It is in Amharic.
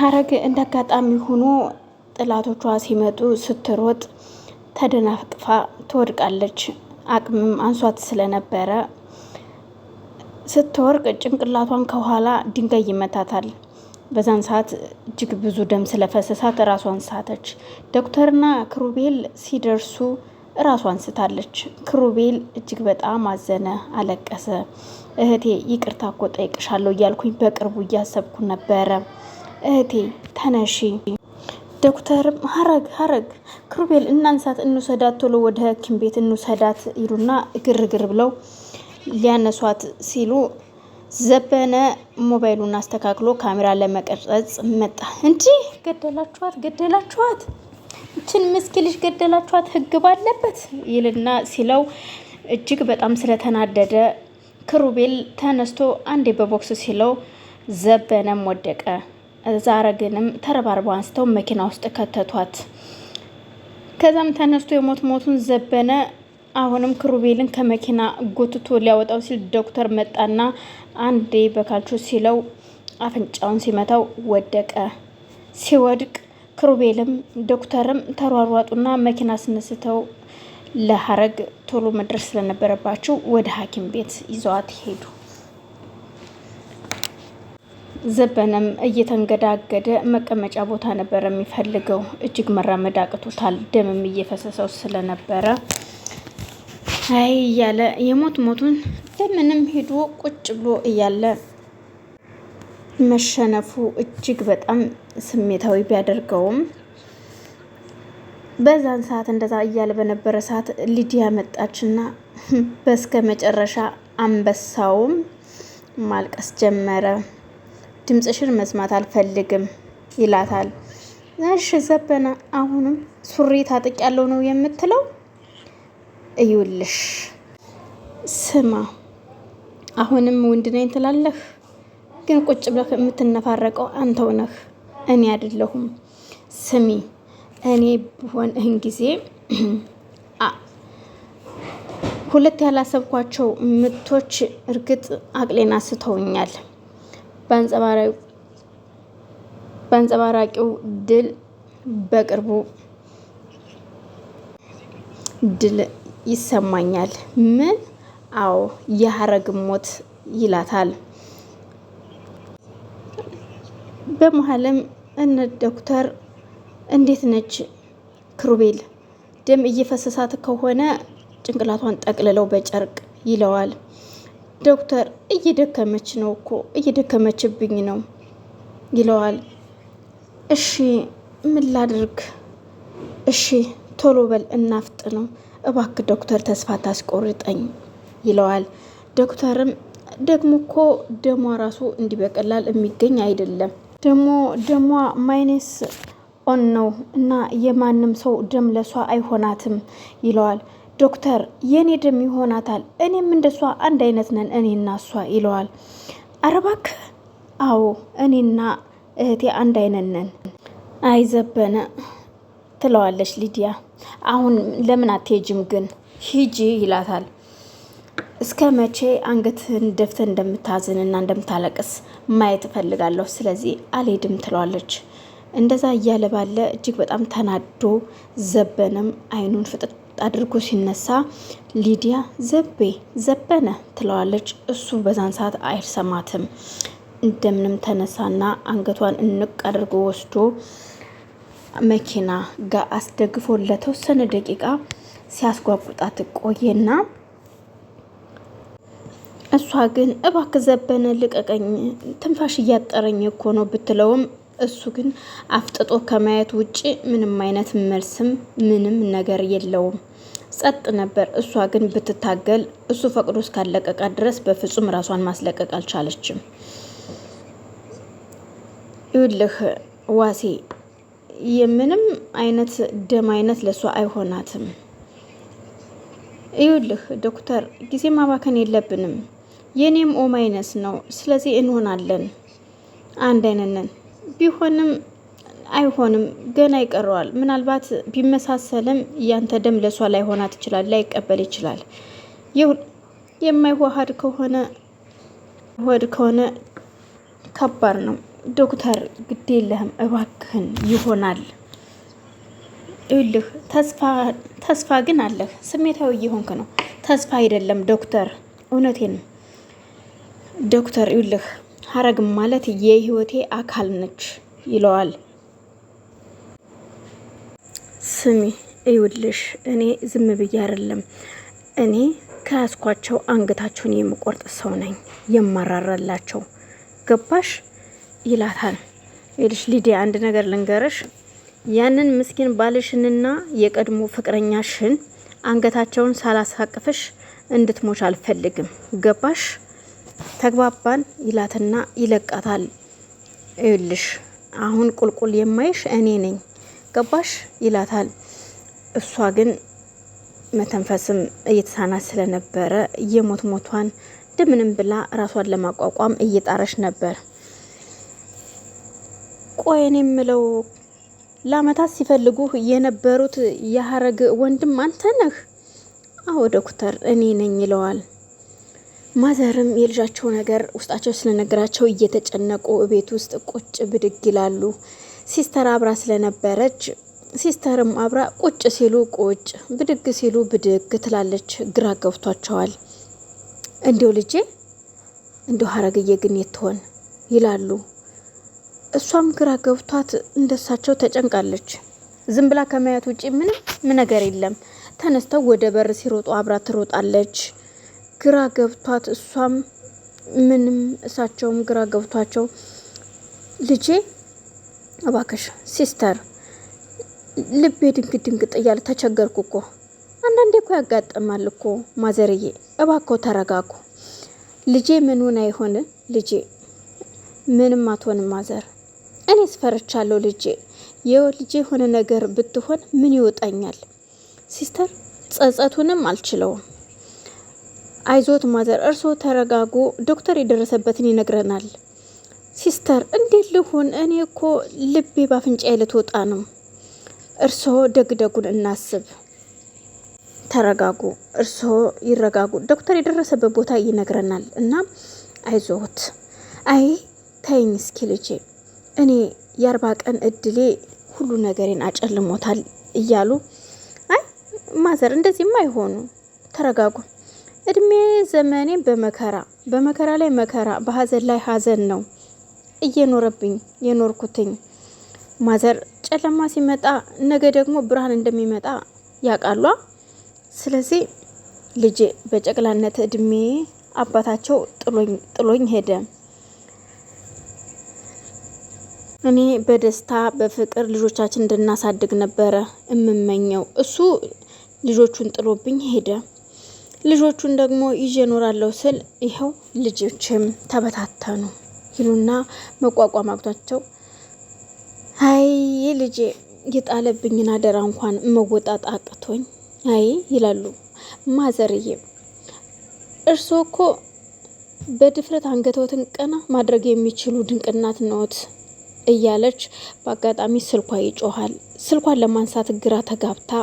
ሀረግ እንደ አጋጣሚ ሆኖ ጥላቶቿ ሲመጡ ስትሮጥ ተደናቅፋ ትወድቃለች። አቅምም አንሷት ስለነበረ ስትወርቅ ጭንቅላቷን ከኋላ ድንጋይ ይመታታል። በዛን ሰዓት እጅግ ብዙ ደም ስለፈሰሳት ራሷን ሳተች። ዶክተርና ክሩቤል ሲደርሱ ራሷን ስታለች። ክሩቤል እጅግ በጣም አዘነ፣ አለቀሰ። እህቴ ይቅርታ እኮ ጠይቅሻለሁ እያልኩኝ በቅርቡ እያሰብኩ ነበረ እህቴ ተነሺ። ዶክተርም ሀረግ ሀረግ ክሩቤል እናንሳት፣ እንውሰዳት፣ ቶሎ ወደ ሐኪም ቤት እንውሰዳት ይሉና ግርግር ብለው ሊያነሷት ሲሉ ዘበነ ሞባይሉን አስተካክሎ ካሜራ ለመቀረጽ መጣ። እንጂ ገደላችኋት፣ ገደላችኋት፣ እችን ምስኪን ልጅ ገደላችኋት፣ ህግ ባለበት ይልና ሲለው እጅግ በጣም ስለተናደደ ክሩቤል ተነስቶ አንዴ በቦክስ ሲለው ዘበነም ወደቀ። ዛረግንም ተረባርበው አንስተው መኪና ውስጥ ከተቷት። ከዛም ተነስቶ የሞት ሞቱን ዘበነ። አሁንም ክሩቤልን ከመኪና ጎትቶ ሊያወጣው ሲል ዶክተር መጣና አንዴ በካልቾ ሲለው አፍንጫውን ሲመታው ወደቀ። ሲወድቅ ክሩቤልም ዶክተርም ተሯሯጡና መኪና ስነስተው ለሀረግ ቶሎ መድረስ ስለነበረባቸው ወደ ሐኪም ቤት ይዘዋት ሄዱ። ዘበነም እየተንገዳገደ መቀመጫ ቦታ ነበር የሚፈልገው። እጅግ መራመድ አቅቶታል፣ ደምም እየፈሰሰው ስለነበረ አይ እያለ የሞት ሞቱን በምንም ሄዶ ቁጭ ብሎ እያለ መሸነፉ እጅግ በጣም ስሜታዊ ቢያደርገውም በዛን ሰዓት እንደዛ እያለ በነበረ ሰዓት ሊዲያ መጣችና በስከ መጨረሻ አንበሳውም ማልቀስ ጀመረ። ድምፅሽን መስማት አልፈልግም ይላታል። እሺ ዘበነ፣ አሁንም ሱሪ ታጥቅ ያለው ነው የምትለው? እዩልሽ፣ ስማ፣ አሁንም ወንድ ነኝ ትላለህ፣ ግን ቁጭ ብለህ የምትነፋረቀው አንተው ነህ፣ እኔ አይደለሁም። ስሚ፣ እኔ ብሆን እህን ጊዜ ሁለት ያላሰብኳቸው ምቶች እርግጥ አቅሌን አስተውኛል። በአንጸባራቂው ድል በቅርቡ ድል ይሰማኛል። ምን? አዎ የሀረግ ሞት ይላታል። በመሀልም እነ ዶክተር እንዴት ነች ክሩቤል? ደም እየፈሰሳት ከሆነ ጭንቅላቷን ጠቅልለው በጨርቅ ይለዋል። ዶክተር እየደከመች ነው እኮ እየደከመችብኝ ነው ይለዋል። እሺ ምን ላድርግ? እሺ ቶሎ በል እናፍጥ ነው እባክ ዶክተር ተስፋ ታስቆርጠኝ ይለዋል። ዶክተርም ደግሞ እኮ ደሟ ራሱ እንዲበቀላል የሚገኝ አይደለም ደግሞ ደሟ ማይነስ ኦን ነው እና የማንም ሰው ደም ለሷ አይሆናትም ይለዋል። ዶክተር የኔ ደም ይሆናታል፣ እኔም እንደሷ አንድ አይነት ነን እኔና እሷ ይለዋል። አረባክ አዎ እኔና እህቴ አንድ አይነት ነን። አይዘበነ ትለዋለች ሊዲያ። አሁን ለምን አትሄጂም ግን ሂጂ ይላታል። እስከ መቼ አንገትህን ደፍተህ እንደምታዝንና እንደምታለቅስ ማየት እፈልጋለሁ። ስለዚህ አልሄድም ትለዋለች። እንደዛ እያለ ባለ እጅግ በጣም ተናዶ ዘበነም አይኑን ፍጥጥ አድርጎ ሲነሳ ሊዲያ ዘቤ ዘበነ ትለዋለች። እሱ በዛን ሰዓት አይሰማትም። እንደምንም ተነሳና አንገቷን እንቅ አድርጎ ወስዶ መኪና ጋር አስደግፎ ለተወሰነ ደቂቃ ሲያስጓጉጣት ቆየና እሷ ግን እባክ ዘበነ ልቀቀኝ፣ ትንፋሽ እያጠረኝ እኮ ነው ብትለውም እሱ ግን አፍጥጦ ከማየት ውጪ ምንም አይነት መልስም ምንም ነገር የለውም። ጸጥ ነበር። እሷ ግን ብትታገል እሱ ፈቅዶ እስካለቀቃ ድረስ በፍጹም ራሷን ማስለቀቅ አልቻለችም። ይውልህ ዋሴ የምንም አይነት ደም አይነት ለእሷ አይሆናትም። ይውልህ ዶክተር፣ ጊዜ ማባከን የለብንም የእኔም ኦ ማይነስ ነው። ስለዚህ እንሆናለን አንድ አይነት ነን። ቢሆንም አይሆንም ገና ይቀረዋል። ምናልባት ቢመሳሰልም ያንተ ደም ለሷ ላይሆና ትችላል፣ ላይቀበል ይችላል። የማይዋሃድ ከሆነ ወድ ከሆነ ከባድ ነው። ዶክተር ግድ የለህም እባክህን፣ ይሆናል ይልህ ተስፋ ግን አለህ። ስሜታዊ እየሆንክ ነው። ተስፋ አይደለም ዶክተር፣ እውነቴን ዶክተር ይልህ ሀረግ ማለት የህይወቴ አካል ነች ይለዋል። ስሚ እውልሽ እኔ ዝም ብዬ አይደለም እኔ ከያዝኳቸው አንገታቸውን የምቆርጥ ሰው ነኝ፣ የማራራላቸው ገባሽ ይላታል። ይልሽ ሊዲያ፣ አንድ ነገር ልንገርሽ፣ ያንን ምስኪን ባልሽንና የቀድሞ ፍቅረኛሽን አንገታቸውን ሳላሳቅፍሽ እንድትሞች አልፈልግም። ገባሽ? ተግባባን ይላትና ይለቃታል። እዩልሽ አሁን ቁልቁል የማይሽ እኔ ነኝ ገባሽ ይላታል። እሷ ግን መተንፈስም እየተሳናት ስለነበረ የሞት ሞቷን እንደምንም ብላ ራሷን ለማቋቋም እየጣረች ነበር። ቆይ እኔ የምለው ለአመታት ሲፈልጉህ የነበሩት የሀረግ ወንድም አንተ ነህ? አዎ ዶክተር፣ እኔ ነኝ ይለዋል። ማዘርም የልጃቸው ነገር ውስጣቸው ስለነገራቸው እየተጨነቁ ቤት ውስጥ ቁጭ ብድግ ይላሉ። ሲስተር አብራ ስለነበረች ሲስተርም አብራ ቁጭ ሲሉ ቁጭ ብድግ ሲሉ ብድግ ትላለች። ግራ ገብቷቸዋል። እንዲው ልጄ እንዲው ሀረግዬ ግን የትሆን ይላሉ። እሷም ግራ ገብቷት እንደሳቸው ተጨንቃለች። ዝም ብላ ከማየት ውጪ ምንም ነገር የለም። ተነስተው ወደ በር ሲሮጡ አብራ ትሮጣለች። ግራ ገብቷት እሷም ምንም እሳቸውም ግራ ገብቷቸው ልጄ እባክሽ ሲስተር ልቤ ድንግ ድንግ እያለ ተቸገርኩ እኮ አንዳንዴ እኮ ያጋጥማል እኮ ማዘርዬ እባኮ ተረጋጉ ልጄ ምኑን አይሆን ልጄ ምንም አትሆንም ማዘር እኔ ስፈርቻለሁ ልጄ የው ልጄ የሆነ ነገር ብትሆን ምን ይወጣኛል ሲስተር ጸጸቱንም አልችለውም አይዞት ማዘር፣ እርስዎ ተረጋጉ፣ ዶክተር የደረሰበትን ይነግረናል። ሲስተር፣ እንዴት ልሁን? እኔ እኮ ልቤ ባፍንጫዬ ልትወጣ ነው። እርስዎ ደግደጉን እናስብ። ተረጋጉ፣ እርስዎ ይረጋጉ። ዶክተር የደረሰበት ቦታ ይነግረናል እና አይዞት። አይ ተይኝ እስኪ ልጄ፣ እኔ የአርባ ቀን እድሌ ሁሉ ነገሬን አጨልሞታል እያሉ አይ ማዘር፣ እንደዚህም አይሆኑ፣ ተረጋጉ እድሜ ዘመኔ በመከራ በመከራ ላይ መከራ፣ በሀዘን ላይ ሀዘን ነው እየኖረብኝ የኖርኩትኝ። ማዘር ጨለማ ሲመጣ ነገ ደግሞ ብርሃን እንደሚመጣ ያውቃሏ። ስለዚህ ልጄ በጨቅላነት እድሜ አባታቸው ጥሎኝ ሄደ። እኔ በደስታ በፍቅር ልጆቻችን እንድናሳድግ ነበረ እምመኘው። እሱ ልጆቹን ጥሎብኝ ሄደ። ልጆቹን ደግሞ ይዤ እኖራለሁ ስል ይኸው ልጆችም ተበታተኑ ይሉና መቋቋም አቅቷቸው አይ ልጄ የጣለብኝን አደራ እንኳን መወጣት አቅቶኝ አይ ይላሉ። ማዘርዬ እርስዎ እኮ በድፍረት አንገትዎትን ቀና ማድረግ የሚችሉ ድንቅ እናት ነዎት እያለች በአጋጣሚ ስልኳ ይጮኋል። ስልኳን ለማንሳት ግራ ተጋብታ